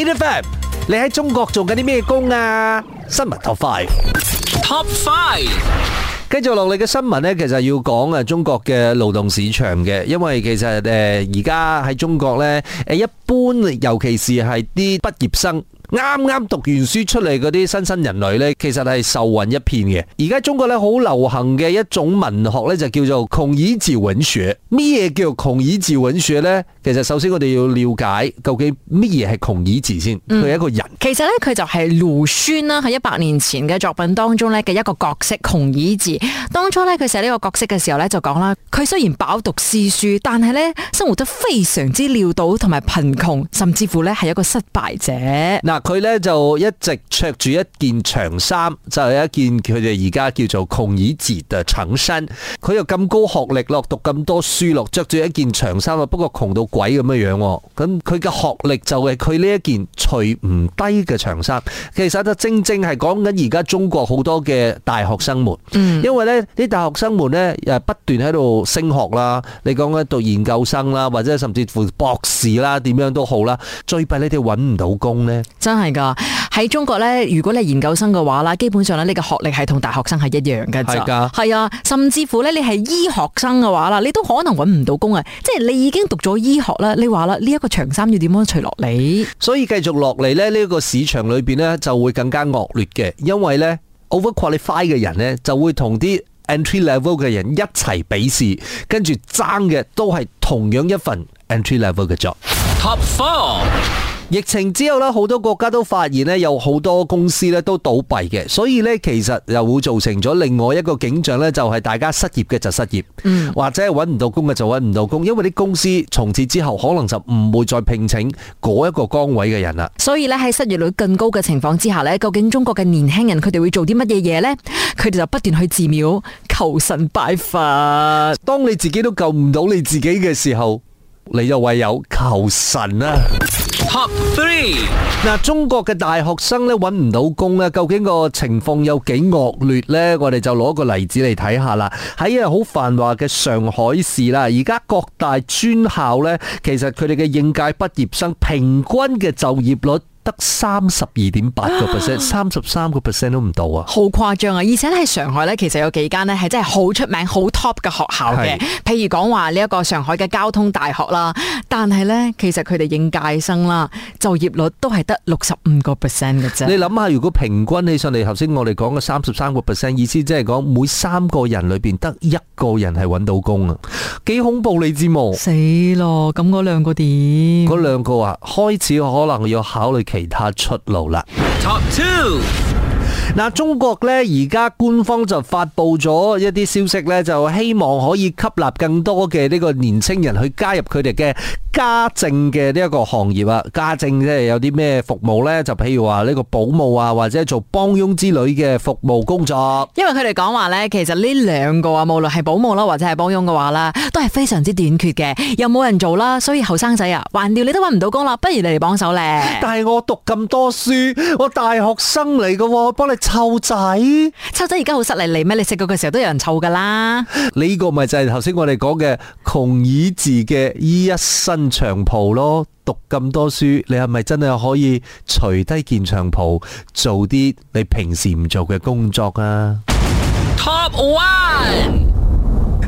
Peter Fab，你喺中國做緊啲咩工啊？新聞 Top Five，Top Five，繼續落嚟嘅新聞呢，其實要講啊，中國嘅勞動市場嘅，因為其實誒而家喺中國呢誒，一般尤其是係啲畢業生。啱啱讀完書出嚟嗰啲新生人類呢，其實係愁雲一片嘅。而家中國呢，好流行嘅一種文學呢，就叫做孔乙己文學。咩嘢叫孔乙己文學呢？其實首先我哋要了解究竟乜嘢係孔乙己先。佢係一個人。其實呢，佢就係魯迅啦，喺一百年前嘅作品當中呢嘅一個角色孔乙己。當初呢，佢寫呢個角色嘅時候呢，就講啦，佢雖然飽讀詩書，但係呢，生活得非常之潦倒同埋貧窮，甚至乎呢，係一個失敗者。嗱。佢呢就一直着住一件長衫，就係、是、一件佢哋而家叫做孔乙己嘅長衫。佢又咁高學歷咯，讀咁多書咯，着住一件長衫啊！不過窮到鬼咁樣樣，咁佢嘅學歷就係佢呢一件除唔低嘅長衫。其實就正正係講緊而家中國好多嘅大學生們，因為呢啲大學生們呢又不斷喺度升學啦，你講緊讀研究生啦，或者甚至乎博士啦，點樣都好啦。最弊你哋揾唔到工呢。真係噶，喺中國咧，如果你係研究生嘅話啦，基本上咧你嘅學歷係同大學生係一樣嘅啫。係噶，係啊，甚至乎咧你係醫學生嘅話啦，你都可能搵唔到工啊！即係你已經讀咗醫學啦，你話啦呢一個長衫要點樣除落嚟？所以繼續落嚟咧，呢一個市場裏邊咧就會更加惡劣嘅，因為咧 overqualify 嘅人咧就會同啲 entry level 嘅人一齊比試，跟住爭嘅都係同樣一份 entry level 嘅 job。Top four. 疫情之後咧，好多國家都發現咧有好多公司咧都倒閉嘅，所以咧其實又會造成咗另外一個景象咧，就係大家失業嘅就失業，嗯、或者係搵唔到工嘅就搵唔到工，因為啲公司從此之後可能就唔會再聘請嗰一個崗位嘅人啦。所以咧喺失業率更高嘅情況之下咧，究竟中國嘅年輕人佢哋會做啲乜嘢嘢呢？佢哋就不斷去寺廟求神拜佛。當你自己都救唔到你自己嘅時候，你又唯有求神啊！Top three 嗱，中國嘅大學生咧揾唔到工咧，究竟個情況有幾惡劣呢？我哋就攞個例子嚟睇下啦。喺啊好繁華嘅上海市啦，而家各大專校呢，其實佢哋嘅應屆畢業生平均嘅就業率，得三十二點八個 percent，三十三個 percent 都唔到啊！好誇張啊！而且喺上海咧，其實有幾間咧係真係好出名、好 top 嘅學校嘅，是的 譬如講話呢一個上海嘅交通大學啦。但係咧，其實佢哋應屆生啦，就業率都係得六十五個 percent 嘅啫。你諗下，如果平均起上嚟，頭先我哋講嘅三十三個 percent，意思即係講每三個人裏邊得一個人係搵到工啊，幾恐怖你知冇？死咯！咁嗰兩個點？嗰兩個啊，開始可能要考慮。其他出路啦。Top Two。嗱，中國咧而家官方就發布咗一啲消息咧，就希望可以吸納更多嘅呢個年青人去加入佢哋嘅家政嘅呢一個行業啊。家政即係有啲咩服務呢？就譬如話呢個保姆啊，或者做幫傭之類嘅服務工作。因為佢哋講話呢，其實呢兩個啊，無論係保姆啦，或者係幫傭嘅話啦，都係非常之短缺嘅，又冇人做啦。所以後生仔啊，橫掂你都搵唔到工啦，不如你嚟幫手咧。但係我讀咁多書，我大學生嚟㗎喎。幫你湊仔，湊仔而家好失禮嚟咩？你食過嘅時候都有人湊噶啦。呢個咪就係頭先我哋講嘅孔乙己嘅呢一身長袍咯。讀咁多書，你係咪真係可以除低件長袍，做啲你平時唔做嘅工作啊？Top one。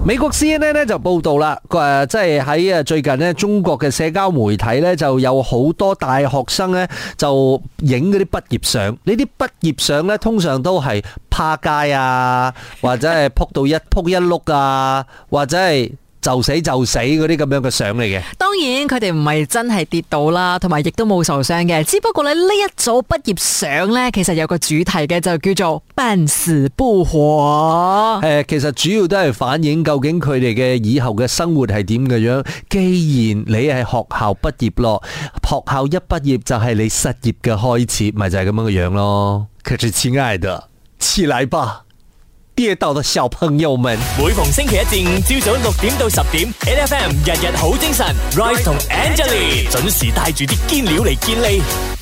美國 CNN 呢就報道啦，誒、呃，即係喺誒最近咧，中國嘅社交媒體咧就有好多大學生咧就影嗰啲畢業相。呢啲畢業相咧通常都係趴街啊，或者係扑到一扑一碌啊，或者係。就死就死嗰啲咁樣嘅相嚟嘅，當然佢哋唔係真係跌倒啦，同埋亦都冇受傷嘅，只不過咧呢一組畢業相呢，其實有個主題嘅就叫做半死不活。誒，其實主要都係反映究竟佢哋嘅以後嘅生活係點嘅樣。既然你係學校畢業咯，學校一畢業就係你失業嘅開始，咪就係咁樣嘅樣咯。親愛的，似奶爸」。夜到的小朋友們，每逢星期一至五朝早六點到十點，NFM 日日好精神，Ryder 同 Angelie 準時帶住啲堅料嚟見你。